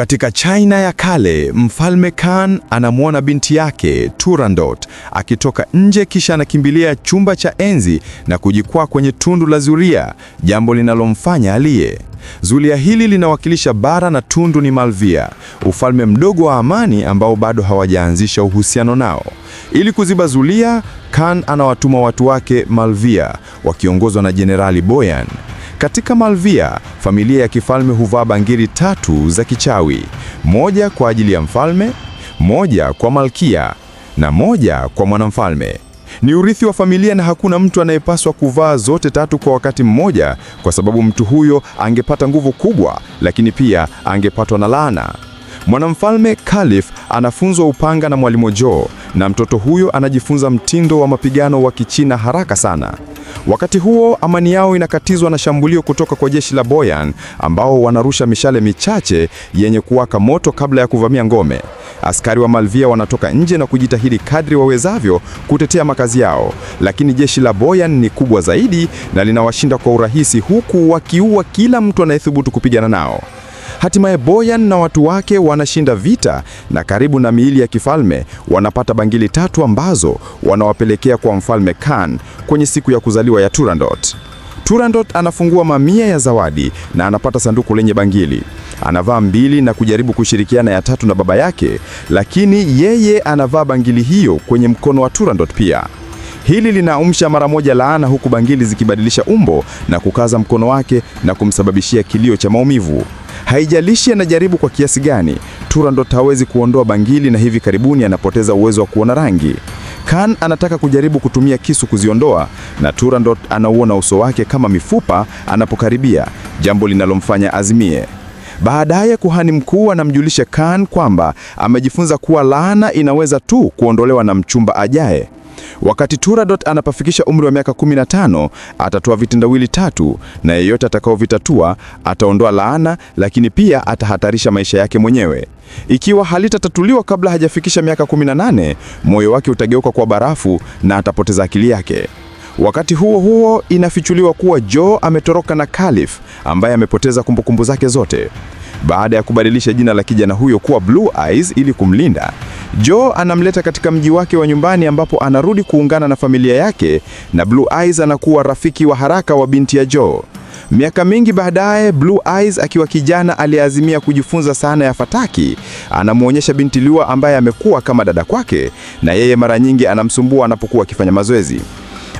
Katika China ya kale, Mfalme Kan anamwona binti yake Turandot akitoka nje kisha anakimbilia chumba cha enzi na kujikwaa kwenye tundu la zulia, jambo linalomfanya aliye. Zulia hili linawakilisha bara na tundu ni Malvia, ufalme mdogo wa amani ambao bado hawajaanzisha uhusiano nao. Ili kuziba zulia, Kan anawatuma watu wake Malvia wakiongozwa na Jenerali Boyan. Katika Malvia, familia ya kifalme huvaa bangili tatu za kichawi, moja kwa ajili ya mfalme, moja kwa malkia na moja kwa mwanamfalme. Ni urithi wa familia na hakuna mtu anayepaswa kuvaa zote tatu kwa wakati mmoja, kwa sababu mtu huyo angepata nguvu kubwa, lakini pia angepatwa na laana. Mwanamfalme Kalif anafunzwa upanga na mwalimu Joo, na mtoto huyo anajifunza mtindo wa mapigano wa Kichina haraka sana. Wakati huo amani yao inakatizwa na shambulio kutoka kwa jeshi la Boyan ambao wanarusha mishale michache yenye kuwaka moto kabla ya kuvamia ngome. Askari wa Malvia wanatoka nje na kujitahidi kadri wawezavyo kutetea makazi yao, lakini jeshi la Boyan ni kubwa zaidi na linawashinda kwa urahisi huku wakiua kila mtu anayethubutu kupigana nao. Hatimaye Boyan na watu wake wanashinda vita na karibu na miili ya kifalme wanapata bangili tatu ambazo wanawapelekea kwa mfalme Khan kwenye siku ya kuzaliwa ya Turandot. Turandot anafungua mamia ya zawadi na anapata sanduku lenye bangili. Anavaa mbili na kujaribu kushirikiana ya tatu na baba yake, lakini yeye anavaa bangili hiyo kwenye mkono wa Turandot pia. Hili linaamsha mara moja laana, huku bangili zikibadilisha umbo na kukaza mkono wake na kumsababishia kilio cha maumivu. Haijalishi anajaribu kwa kiasi gani, Turandot hawezi kuondoa bangili, na hivi karibuni anapoteza uwezo wa kuona rangi. Khan anataka kujaribu kutumia kisu kuziondoa, na Turandot anauona uso wake kama mifupa anapokaribia, jambo linalomfanya azimie. Baadaye kuhani mkuu anamjulisha Khan kwamba amejifunza kuwa laana inaweza tu kuondolewa na mchumba ajaye. Wakati Turadot anapofikisha umri wa miaka 15, atatoa vitendawili tatu, na yeyote atakaovitatua ataondoa laana, lakini pia atahatarisha maisha yake mwenyewe. Ikiwa halitatatuliwa kabla hajafikisha miaka 18, moyo wake utageuka kwa barafu na atapoteza akili yake. Wakati huo huo, inafichuliwa kuwa Joe ametoroka na Calif ambaye amepoteza kumbukumbu zake zote. Baada ya kubadilisha jina la kijana huyo kuwa Blue Eyes ili kumlinda Joe anamleta katika mji wake wa nyumbani ambapo anarudi kuungana na familia yake na Blue Eyes anakuwa rafiki wa haraka wa binti ya Joe. Miaka mingi baadaye, Blue Eyes akiwa kijana aliyeazimia kujifunza sana ya fataki, anamwonyesha binti lua ambaye amekuwa kama dada kwake, na yeye mara nyingi anamsumbua anapokuwa akifanya mazoezi.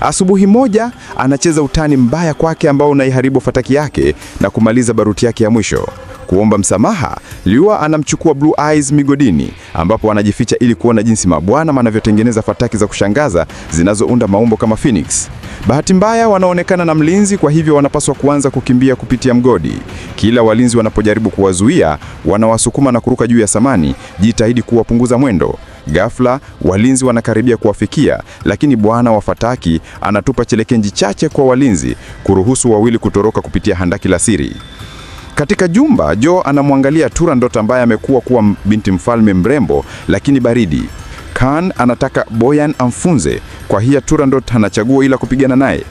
Asubuhi moja anacheza utani mbaya kwake ambao unaiharibu fataki yake na kumaliza baruti yake ya mwisho kuomba msamaha, Liwa anamchukua Blue Eyes migodini, ambapo anajificha ili kuona jinsi mabwana wanavyotengeneza fataki za kushangaza zinazounda maumbo kama Phoenix. Bahati mbaya wanaonekana na mlinzi, kwa hivyo wanapaswa kuanza kukimbia kupitia mgodi. Kila walinzi wanapojaribu kuwazuia, wanawasukuma na kuruka juu ya samani, jitahidi kuwapunguza mwendo. Ghafla walinzi wanakaribia kuwafikia, lakini bwana wa fataki anatupa chelekenji chache kwa walinzi, kuruhusu wawili kutoroka kupitia handaki la siri. Katika jumba, jo anamwangalia Turandot ambaye amekuwa kuwa binti mfalme mrembo lakini baridi. Khan anataka Boyan amfunze, kwa hiyo Turandot anachagua ila kupigana naye.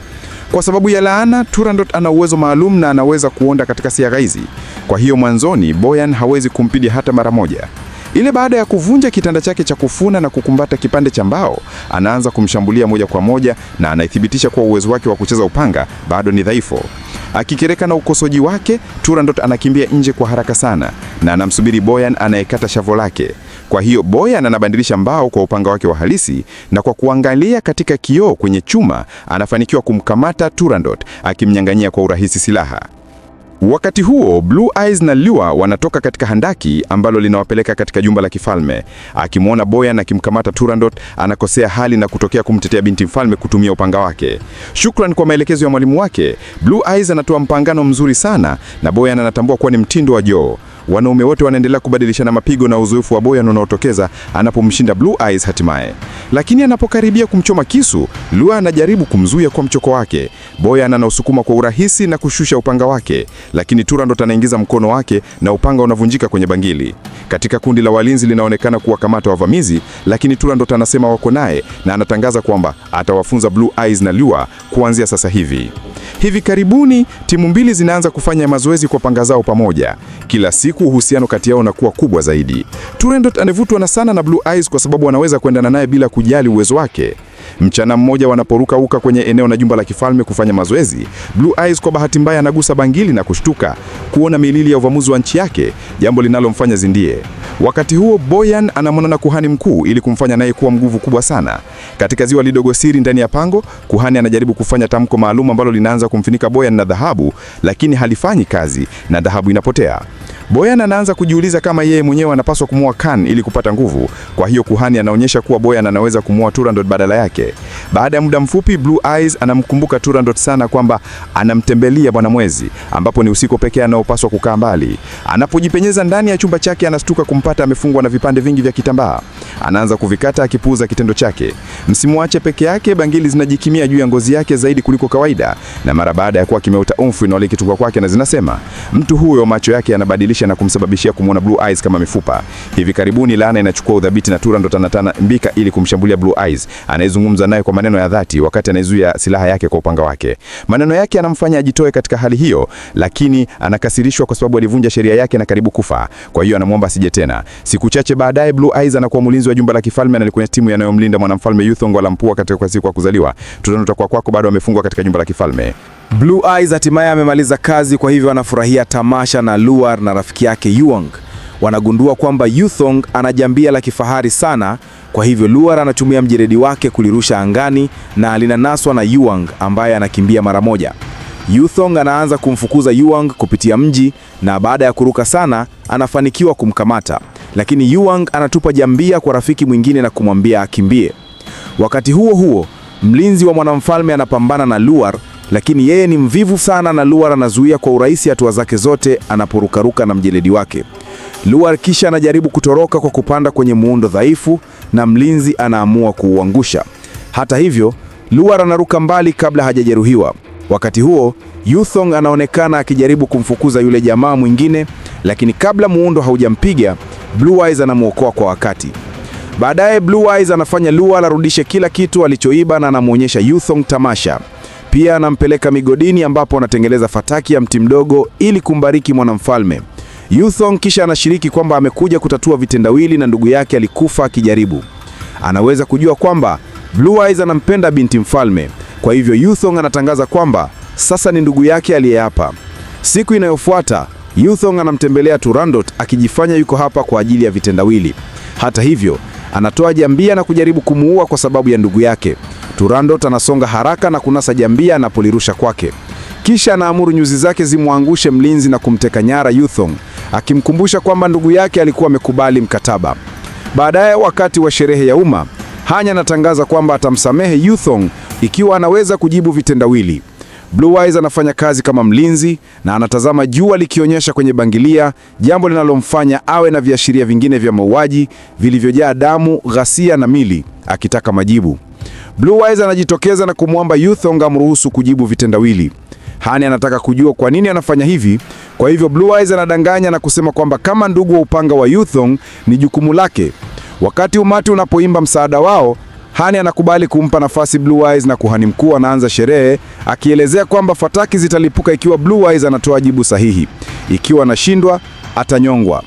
Kwa sababu ya laana, Turandot ana uwezo maalum na anaweza kuonda katika siagha hizi. Kwa hiyo mwanzoni Boyan hawezi kumpidi hata mara moja. Ile baada ya kuvunja kitanda chake cha kufuna na kukumbata kipande cha mbao, anaanza kumshambulia moja kwa moja na anaithibitisha kuwa uwezo wake wa kucheza upanga bado ni dhaifu. Akikereka na ukosoji wake, Turandot anakimbia nje kwa haraka sana na anamsubiri Boyan anayekata shavo lake. Kwa hiyo Boyan anabadilisha mbao kwa upanga wake wa halisi na kwa kuangalia katika kioo kwenye chuma anafanikiwa kumkamata Turandot akimnyang'anyia kwa urahisi silaha. Wakati huo Blue Eyes na Lua wanatoka katika handaki ambalo linawapeleka katika jumba la kifalme. Akimwona Boyan akimkamata Turandot, anakosea hali na kutokea kumtetea binti mfalme kutumia upanga wake. Shukran kwa maelekezo ya mwalimu wake, Blue Eyes anatoa mpangano mzuri sana na Boyan anatambua kuwa ni mtindo wa Joe. Wanaume wote wanaendelea kubadilishana mapigo na uzoefu wa Boyan unaotokeza anapomshinda Blue Eyes hatimaye. Lakini anapokaribia kumchoma kisu, Lua anajaribu kumzuia kwa mchoko wake. Boyan anausukuma kwa urahisi na kushusha upanga wake, lakini Turandot anaingiza mkono wake na upanga unavunjika kwenye bangili. Katika kundi la walinzi linaonekana kuwakamata wavamizi, lakini Turandot anasema wako naye na anatangaza kwamba atawafunza Blue Eyes na Lua kuanzia sasa hivi. Hivi karibuni timu mbili zinaanza kufanya mazoezi kwa panga zao pamoja. Kila siku uhusiano kati yao unakuwa kubwa zaidi. Turandot anavutwa na sana na Blue Eyes kwa sababu anaweza kuendana naye bila kujali uwezo wake. Mchana mmoja wanaporukauka kwenye eneo na jumba la kifalme kufanya mazoezi, Blue Eyes kwa bahati mbaya anagusa bangili na kushtuka kuona milili ya uvamuzi wa nchi yake, jambo linalomfanya zindie. Wakati huo Boyan anamwona na kuhani mkuu ili kumfanya naye kuwa mguvu kubwa sana. Katika ziwa lidogo siri ndani ya pango, kuhani anajaribu kufanya tamko maalum ambalo linaanza kumfinika Boyan na dhahabu, lakini halifanyi kazi na dhahabu inapotea. Boyan anaanza kujiuliza kama yeye mwenyewe anapaswa kumua Khan ili kupata nguvu. Kwa hiyo kuhani anaonyesha kuwa Boyan anaweza kumua Turandot badala yake. Baada ya muda mfupi, Blue Eyes anamkumbuka Turandot sana kwamba anamtembelia Bwana Mwezi, ambapo ni usiku pekee anaopaswa kukaa mbali. Anapojipenyeza ndani ya chumba chake, anastuka kumpata amefungwa na vipande vingi vya kitambaa. Anaanza kuvikata akipuuza kitendo chake. Msimuache peke yake, bangili zinajikimia juu ya ngozi yake zaidi kuliko kawaida, na mara baada ya kuwa kimeota umfu inaole kituka kwake na zinasema mtu huyo, macho yake yanabadilisha na kumsababishia kumwona Blue Eyes kama mifupa. Hivi karibuni Lana inachukua udhabiti na Tura ndo tanatana mbika ili kumshambulia Blue Eyes, anayezungumza naye kwa maneno ya dhati wakati anaizuia silaha yake kwa upanga wake. Maneno yake yanamfanya ajitoe katika hali hiyo, lakini anakasirishwa kwa sababu alivunja sheria yake na karibu kufa. Kwa hiyo anamwomba asije tena. Siku chache baadaye Blue Eyes anakuwa mlinzi wa jumba la kifalme na alikuwa timu yanayomlinda mwanamfalme Yuthong wa Lampua katika siku ya kuzaliwa. Tutaona utakuwa kwako bado amefungwa katika jumba la kifalme. Blue Eyes hatimaye amemaliza kazi, kwa hivyo anafurahia tamasha na Luar na rafiki yake Yuang wanagundua kwamba Yuthong ana jambia la kifahari sana. Kwa hivyo Luar anatumia mjeredi wake kulirusha angani na alinanaswa na Yuang ambaye anakimbia mara moja. Yuthong anaanza kumfukuza Yuang kupitia mji na baada ya kuruka sana anafanikiwa kumkamata, lakini Yuang anatupa jambia kwa rafiki mwingine na kumwambia akimbie. Wakati huo huo, mlinzi wa mwanamfalme anapambana na Luar, lakini yeye ni mvivu sana na Luar anazuia kwa urahisi hatua zake zote anaporukaruka na mjeledi wake. Luar kisha anajaribu kutoroka kwa kupanda kwenye muundo dhaifu na mlinzi anaamua kuuangusha. Hata hivyo, Luar anaruka mbali kabla hajajeruhiwa. Wakati huo Yuthong anaonekana akijaribu kumfukuza yule jamaa mwingine, lakini kabla muundo haujampiga Blue Eyes anamwokoa kwa wakati. Baadaye Blue Eyes anafanya Lua arudishe kila kitu alichoiba na anamwonyesha Yuthong tamasha. Pia anampeleka migodini ambapo anatengeleza fataki ya mti mdogo ili kumbariki mwanamfalme. Yuthong kisha anashiriki kwamba amekuja kutatua vitendawili na ndugu yake alikufa akijaribu. Anaweza kujua kwamba Blue Eyes anampenda binti mfalme. Kwa hivyo Yuthong anatangaza kwamba sasa ni ndugu yake aliyeapa. Siku inayofuata Yuthong anamtembelea Turandot akijifanya yuko hapa kwa ajili ya vitendawili. Hata hivyo, anatoa jambia na kujaribu kumuua kwa sababu ya ndugu yake. Turandot anasonga haraka na kunasa jambia anapolirusha kwake, kisha anaamuru nyuzi zake zimwangushe mlinzi na kumteka nyara Yuthong, akimkumbusha kwamba ndugu yake alikuwa amekubali mkataba. Baadaye, wakati wa sherehe ya umma Hanya anatangaza kwamba atamsamehe Yuthong ikiwa anaweza kujibu vitendawili. Blue Eyes anafanya kazi kama mlinzi na anatazama jua likionyesha kwenye bangilia, jambo linalomfanya awe na viashiria vingine vya mauaji vilivyojaa damu, ghasia na mili, akitaka majibu. Blue Eyes anajitokeza na kumwomba Yuthong amruhusu kujibu vitendawili. Hani anataka kujua kwa nini anafanya hivi. Kwa hivyo Blue Eyes anadanganya na kusema kwamba kama ndugu wa upanga wa Yuthong ni jukumu lake. Wakati umati unapoimba msaada wao, Hani anakubali kumpa nafasi Blue Eyes na kuhani mkuu anaanza sherehe akielezea kwamba fataki zitalipuka ikiwa Blue Eyes anatoa jibu sahihi. Ikiwa anashindwa, atanyongwa.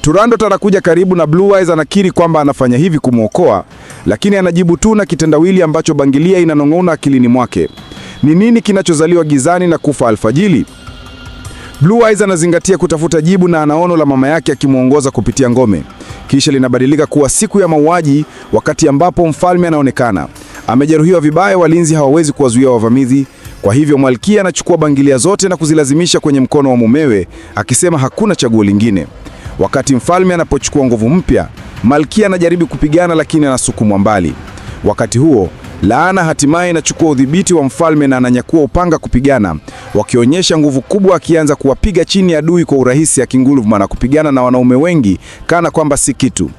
Turandot anakuja karibu na Blue Eyes anakiri kwamba anafanya hivi kumwokoa, lakini anajibu tu na kitendawili ambacho Bangilia inanong'ona akilini mwake. Ni nini kinachozaliwa gizani na kufa alfajili? Blue Eyes anazingatia kutafuta jibu na anaono la mama yake akimwongoza kupitia ngome kisha linabadilika kuwa siku ya mauaji, wakati ambapo mfalme anaonekana amejeruhiwa vibaya. Walinzi hawawezi kuwazuia wavamizi, kwa hivyo malkia anachukua bangilia zote na kuzilazimisha kwenye mkono wa mumewe, akisema hakuna chaguo lingine. Wakati mfalme anapochukua nguvu mpya, malkia anajaribu kupigana, lakini anasukumwa mbali. Wakati huo laana hatimaye inachukua udhibiti wa mfalme na ananyakua upanga kupigana, wakionyesha nguvu kubwa, akianza kuwapiga chini adui kwa urahisi, akinguruma na kupigana na wanaume wengi kana kwamba si kitu.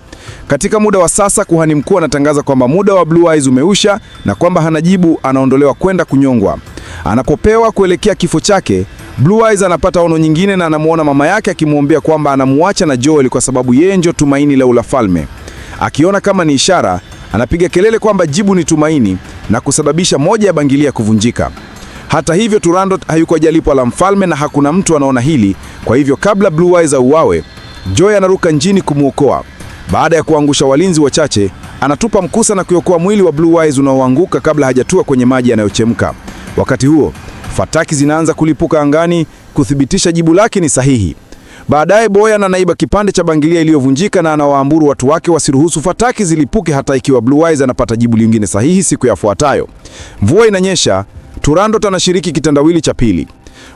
Katika muda wa sasa, kuhani mkuu anatangaza kwamba muda wa Blue Eyes umeisha na kwamba hana jibu, anaondolewa kwenda kunyongwa. Anapopewa kuelekea kifo chake, Blue Eyes anapata ono nyingine na anamuona mama yake akimwombea kwamba anamuacha na Joel kwa sababu yeye ndio tumaini la ulafalme. Akiona kama ni ishara, Anapiga kelele kwamba jibu ni tumaini na kusababisha moja ya bangilia kuvunjika. Hata hivyo, Turandot hayuko jalipwa la mfalme na hakuna mtu anaona hili. Kwa hivyo, kabla Blue Eyes auawe, Joy anaruka njini kumwokoa. Baada ya kuangusha walinzi wachache, anatupa mkusa na kuokoa mwili wa Blue Eyes unaoanguka kabla hajatua kwenye maji yanayochemka. Wakati huo, fataki zinaanza kulipuka angani kuthibitisha jibu lake ni sahihi. Baadaye Boyan anaiba kipande cha bangilia iliyovunjika na anawaamuru watu wake wasiruhusu fataki zilipuke hata ikiwa Blue Eyes anapata jibu lingine sahihi siku yafuatayo. Mvua inanyesha, Turandot anashiriki kitandawili cha pili.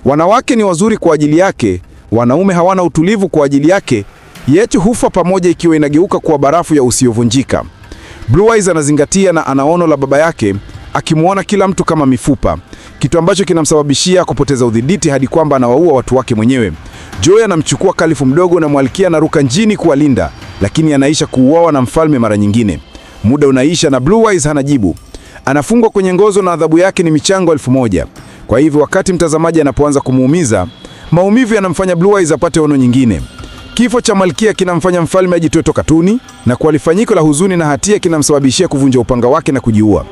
Wanawake ni wazuri kwa ajili yake, wanaume hawana utulivu kwa ajili yake. Yetu hufa pamoja ikiwa inageuka kuwa barafu ya usiyovunjika. Blue Eyes anazingatia na anaono la baba yake akimwona kila mtu kama mifupa, kitu ambacho kinamsababishia kupoteza udhibiti hadi kwamba anawaua watu wake mwenyewe. Joy anamchukua kalifu mdogo na Malkia anaruka njini kuwalinda, lakini anaisha kuuawa na mfalme mara nyingine. Muda unaisha na Blue Eyes hana jibu. Anafungwa kwenye ngozo na adhabu yake ni michango elfu moja. Kwa hivyo wakati mtazamaji anapoanza kumuumiza, maumivu yanamfanya Blue Eyes apate ono nyingine. Kifo cha malkia kinamfanya mfalme ajitoe toka tuni, na kwa lifanyiko la huzuni na hatia kinamsababishia kuvunja upanga wake na kujiua.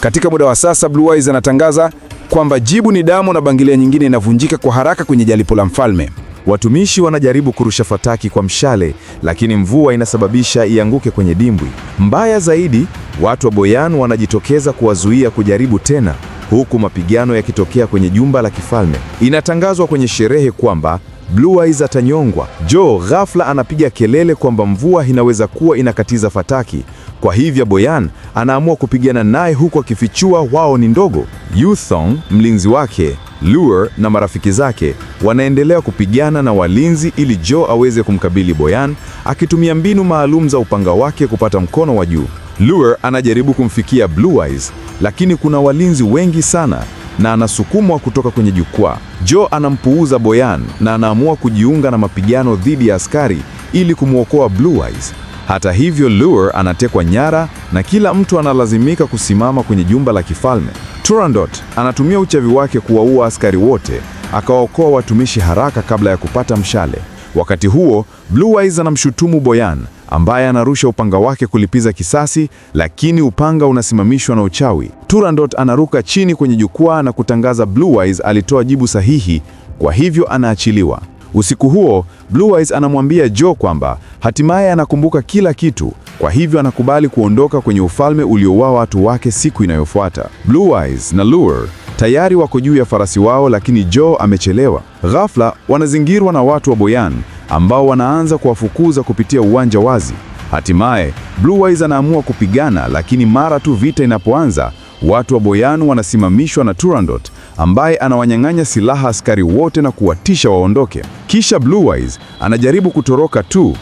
Katika muda wa sasa, Blue Eyes anatangaza kwamba jibu ni damu, na bangilia nyingine inavunjika kwa haraka kwenye jalipo la mfalme. Watumishi wanajaribu kurusha fataki kwa mshale, lakini mvua inasababisha ianguke kwenye dimbwi. Mbaya zaidi, watu wa Boyan wanajitokeza kuwazuia kujaribu tena, huku mapigano yakitokea kwenye jumba la kifalme. Inatangazwa kwenye sherehe kwamba Blue Eyes atanyongwa. Joe ghafla anapiga kelele kwamba mvua inaweza kuwa inakatiza fataki. Kwa hivyo Boyan anaamua kupigana naye huku akifichua wao ni ndogo. Yuthong, mlinzi wake, Lure na marafiki zake wanaendelea kupigana na walinzi ili Joe aweze kumkabili Boyan akitumia mbinu maalum za upanga wake kupata mkono wa juu. Lure anajaribu kumfikia Blue Eyes, lakini kuna walinzi wengi sana na anasukumwa kutoka kwenye jukwaa. Joe anampuuza Boyan na anaamua kujiunga na mapigano dhidi ya askari ili kumwokoa Blue Eyes. Hata hivyo, Lure anatekwa nyara na kila mtu analazimika kusimama kwenye jumba la kifalme. Turandot anatumia uchawi wake kuwaua askari wote, akawaokoa watumishi haraka kabla ya kupata mshale. Wakati huo, Blue Eyes anamshutumu Boyan ambaye anarusha upanga wake kulipiza kisasi, lakini upanga unasimamishwa na uchawi. Turandot anaruka chini kwenye jukwaa na kutangaza Blue Eyes alitoa jibu sahihi, kwa hivyo anaachiliwa. Usiku huo Blue Eyes anamwambia Joe kwamba hatimaye anakumbuka kila kitu, kwa hivyo anakubali kuondoka kwenye ufalme uliowaa watu wake. Siku inayofuata Blue Eyes na Lure tayari wako juu ya farasi wao, lakini Joe amechelewa. Ghafla wanazingirwa na watu wa Boyan ambao wanaanza kuwafukuza kupitia uwanja wazi. Hatimaye Blue Eyes anaamua kupigana, lakini mara tu vita inapoanza, watu wa Boyanu wanasimamishwa na Turandot ambaye anawanyang'anya silaha askari wote na kuwatisha waondoke. Kisha Blue Eyes anajaribu kutoroka tu,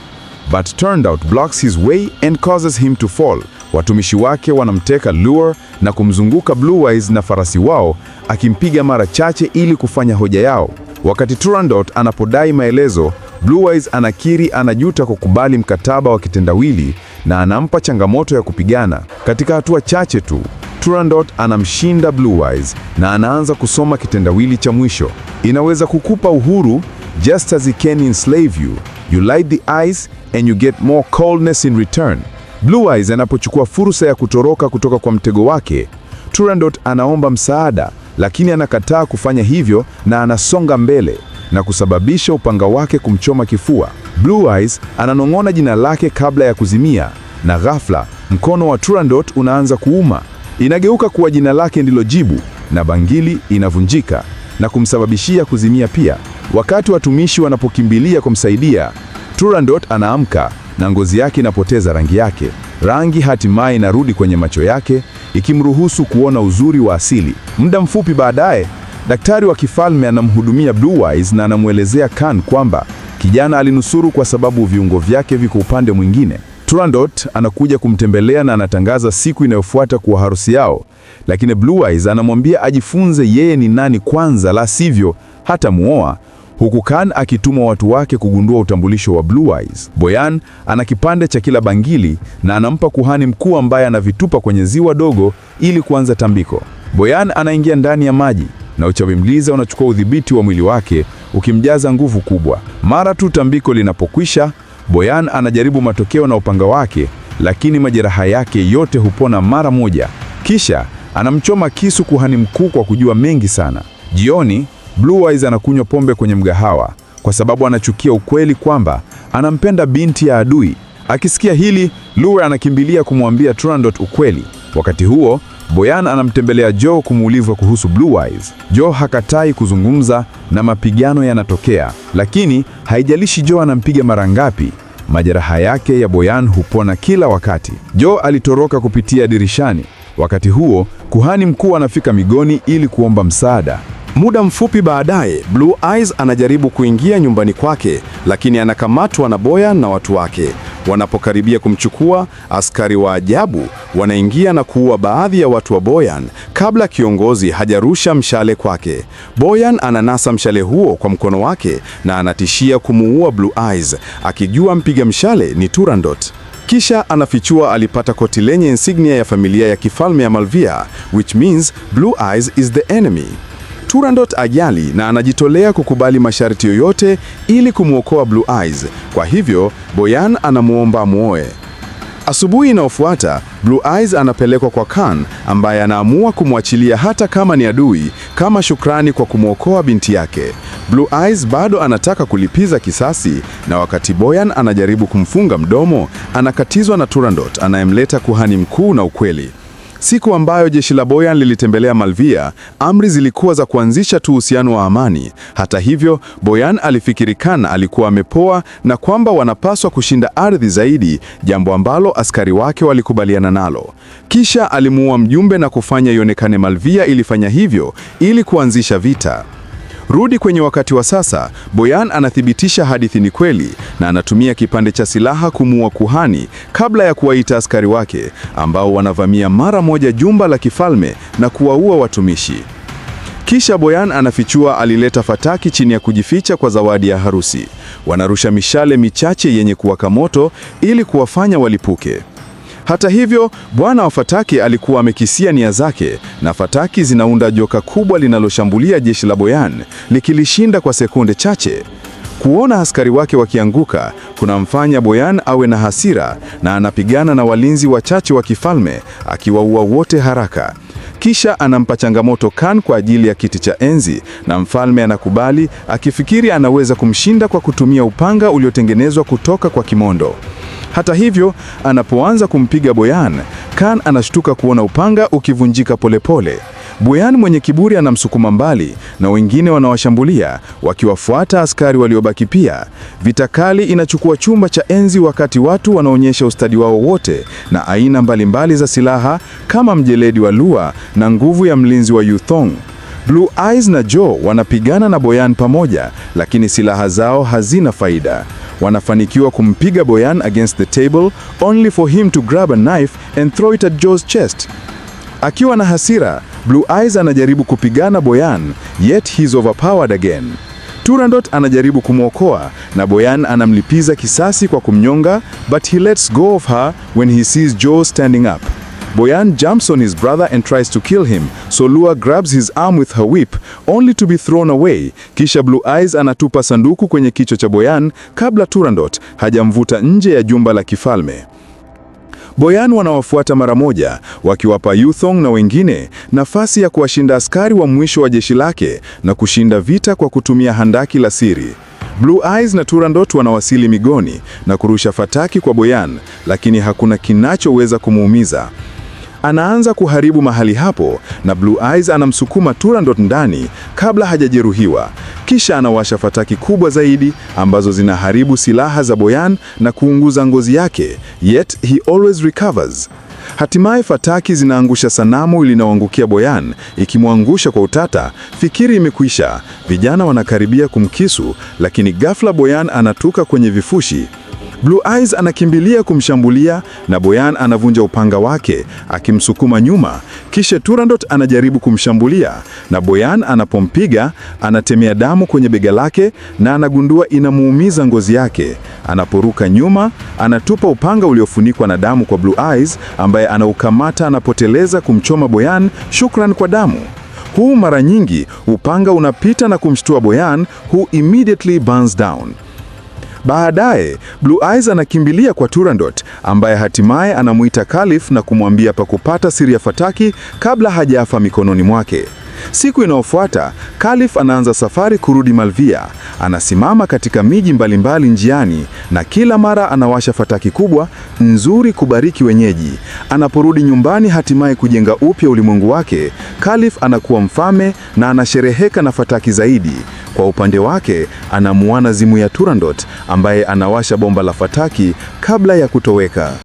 but out blocks his way and causes him to fall. Watumishi wake wanamteka Lure na kumzunguka Blue Eyes na farasi wao, akimpiga mara chache ili kufanya hoja yao. Wakati Turandot anapodai maelezo Blue Eyes anakiri anajuta kwa kubali mkataba wa kitendawili na anampa changamoto ya kupigana. Katika hatua chache tu, Turandot anamshinda Blue Eyes na anaanza kusoma kitendawili cha mwisho. Inaweza kukupa uhuru, just as it can enslave you. You light the eyes and you get more coldness in return. Blue Eyes anapochukua fursa ya kutoroka kutoka kwa mtego wake, Turandot anaomba msaada, lakini anakataa kufanya hivyo na anasonga mbele na kusababisha upanga wake kumchoma kifua. Blue Eyes ananong'ona jina lake kabla ya kuzimia, na ghafla mkono wa Turandot unaanza kuuma. Inageuka kuwa jina lake ndilo jibu, na bangili inavunjika na kumsababishia kuzimia pia. Wakati watumishi wanapokimbilia kumsaidia, Turandot anaamka na ngozi yake inapoteza rangi yake. Rangi hatimaye inarudi kwenye macho yake, ikimruhusu kuona uzuri wa asili. Muda mfupi baadaye Daktari wa kifalme anamhudumia Blue Eyes na anamwelezea Khan kwamba kijana alinusuru kwa sababu viungo vyake viko upande mwingine. Turandot anakuja kumtembelea na anatangaza siku inayofuata kuwa harusi yao, lakini Blue Eyes anamwambia ajifunze yeye ni nani kwanza, la sivyo hata muoa huku Khan akituma watu wake kugundua utambulisho wa Blue Eyes. Boyan ana kipande cha kila bangili na anampa kuhani mkuu ambaye anavitupa kwenye ziwa dogo ili kuanza tambiko. Boyan anaingia ndani ya maji na uchawi mliza unachukua udhibiti wa mwili wake ukimjaza nguvu kubwa. Mara tu tambiko linapokwisha, Boyan anajaribu matokeo na upanga wake, lakini majeraha yake yote hupona mara moja. Kisha anamchoma kisu kuhani mkuu kwa kujua mengi sana. Jioni, Blue Eyes anakunywa pombe kwenye mgahawa kwa sababu anachukia ukweli kwamba anampenda binti ya adui. Akisikia hili, Lure anakimbilia kumwambia trandot ukweli. Wakati huo Boyan anamtembelea Joe kumuuliza kuhusu Blue Eyes. Joe hakatai kuzungumza na mapigano yanatokea, lakini haijalishi Joe anampiga mara ngapi, majeraha yake ya Boyan hupona kila wakati. Joe alitoroka kupitia dirishani. Wakati huo, kuhani mkuu anafika migoni ili kuomba msaada. Muda mfupi baadaye, Blue Eyes anajaribu kuingia nyumbani kwake, lakini anakamatwa na Boyan na watu wake. Wanapokaribia kumchukua, askari wa ajabu wanaingia na kuua baadhi ya watu wa Boyan kabla kiongozi hajarusha mshale kwake. Boyan ananasa mshale huo kwa mkono wake na anatishia kumuua Blue Eyes, akijua mpiga mshale ni Turandot. Kisha anafichua alipata koti lenye insignia ya familia ya kifalme ya Malvia, which means Blue Eyes is the enemy. Turandot ajali na anajitolea kukubali masharti yoyote ili kumwokoa Blue Eyes. Kwa hivyo, Boyan anamwomba muoe. Asubuhi inayofuata Blue Eyes anapelekwa kwa Khan ambaye anaamua kumwachilia hata kama ni adui, kama shukrani kwa kumwokoa binti yake. Blue Eyes bado anataka kulipiza kisasi, na wakati Boyan anajaribu kumfunga mdomo, anakatizwa na Turandot anayemleta kuhani mkuu na ukweli. Siku ambayo jeshi la Boyan lilitembelea Malvia, amri zilikuwa za kuanzisha tu uhusiano wa amani. Hata hivyo, Boyan alifikirikana alikuwa amepoa na kwamba wanapaswa kushinda ardhi zaidi, jambo ambalo askari wake walikubaliana nalo. Kisha alimuua mjumbe na kufanya ionekane Malvia ilifanya hivyo ili kuanzisha vita. Rudi kwenye wakati wa sasa, Boyan anathibitisha hadithi ni kweli na anatumia kipande cha silaha kumuua kuhani kabla ya kuwaita askari wake ambao wanavamia mara moja jumba la kifalme na kuwaua watumishi. Kisha Boyan anafichua alileta fataki chini ya kujificha kwa zawadi ya harusi. Wanarusha mishale michache yenye kuwaka moto ili kuwafanya walipuke. Hata hivyo, bwana wa fataki alikuwa amekisia nia zake, na fataki zinaunda joka kubwa linaloshambulia jeshi la Boyan, likilishinda kwa sekunde chache. Kuona askari wake wakianguka kunamfanya Boyan awe na hasira na anapigana na walinzi wachache wa kifalme akiwaua wote haraka. Kisha anampa changamoto Khan kwa ajili ya kiti cha enzi na mfalme anakubali akifikiri anaweza kumshinda kwa kutumia upanga uliotengenezwa kutoka kwa kimondo. Hata hivyo, anapoanza kumpiga Boyan, Khan anashtuka kuona upanga ukivunjika polepole. Boyan mwenye kiburi anamsukuma mbali na wengine wanawashambulia wakiwafuata askari waliobaki pia. Vita kali inachukua chumba cha enzi wakati watu wanaonyesha ustadi wao wote na aina mbalimbali mbali za silaha kama mjeledi wa lua na nguvu ya mlinzi wa Yuthong. Blue Eyes na Joe wanapigana na Boyan pamoja, lakini silaha zao hazina faida wanafanikiwa kumpiga Boyan against the table only for him to grab a knife and throw it at Joe's chest. Akiwa na hasira, Blue Eyes anajaribu kupigana Boyan, yet he's overpowered again. Turandot anajaribu kumwokoa na Boyan anamlipiza kisasi kwa kumnyonga, but he lets go of her when he sees Joe standing up. Boyan jumps on his brother and tries to kill him, so Lua grabs his arm with her whip only to be thrown away. Kisha Blue Eyes anatupa sanduku kwenye kichwa cha Boyan kabla Turandot hajamvuta nje ya jumba la kifalme. Boyan wanawafuata mara moja wakiwapa Yuthong na wengine nafasi ya kuwashinda askari wa mwisho wa jeshi lake na kushinda vita kwa kutumia handaki la siri. Blue Eyes na Turandot wanawasili migoni na kurusha fataki kwa Boyan, lakini hakuna kinachoweza kumuumiza. Anaanza kuharibu mahali hapo na Blue Eyes anamsukuma Turandot ndani kabla hajajeruhiwa. Kisha anawasha fataki kubwa zaidi ambazo zinaharibu silaha za Boyan na kuunguza ngozi yake, yet he always recovers. Hatimaye fataki zinaangusha sanamu linaoangukia Boyan, ikimwangusha kwa utata. Fikiri imekwisha, vijana wanakaribia kumkisu, lakini ghafla Boyan anatuka kwenye vifushi. Blue Eyes anakimbilia kumshambulia na Boyan anavunja upanga wake akimsukuma nyuma, kisha Turandot anajaribu kumshambulia na Boyan anapompiga anatemea damu kwenye bega lake na anagundua inamuumiza ngozi yake. Anaporuka nyuma, anatupa upanga uliofunikwa na damu kwa Blue Eyes ambaye anaukamata anapoteleza kumchoma Boyan, shukran kwa damu. Huu mara nyingi upanga unapita na kumshtua Boyan, who immediately burns down. Baadaye Blue Eyes anakimbilia kwa Turandot ambaye hatimaye anamuita Kalif na kumwambia pa kupata siri ya fataki kabla hajaafa mikononi mwake. Siku inayofuata Khalif anaanza safari kurudi Malvia. Anasimama katika miji mbalimbali njiani, na kila mara anawasha fataki kubwa nzuri kubariki wenyeji. Anaporudi nyumbani, hatimaye kujenga upya ulimwengu wake, Khalif anakuwa mfalme na anashereheka na fataki zaidi. Kwa upande wake anamuana Zimu ya Turandot ambaye anawasha bomba la fataki kabla ya kutoweka.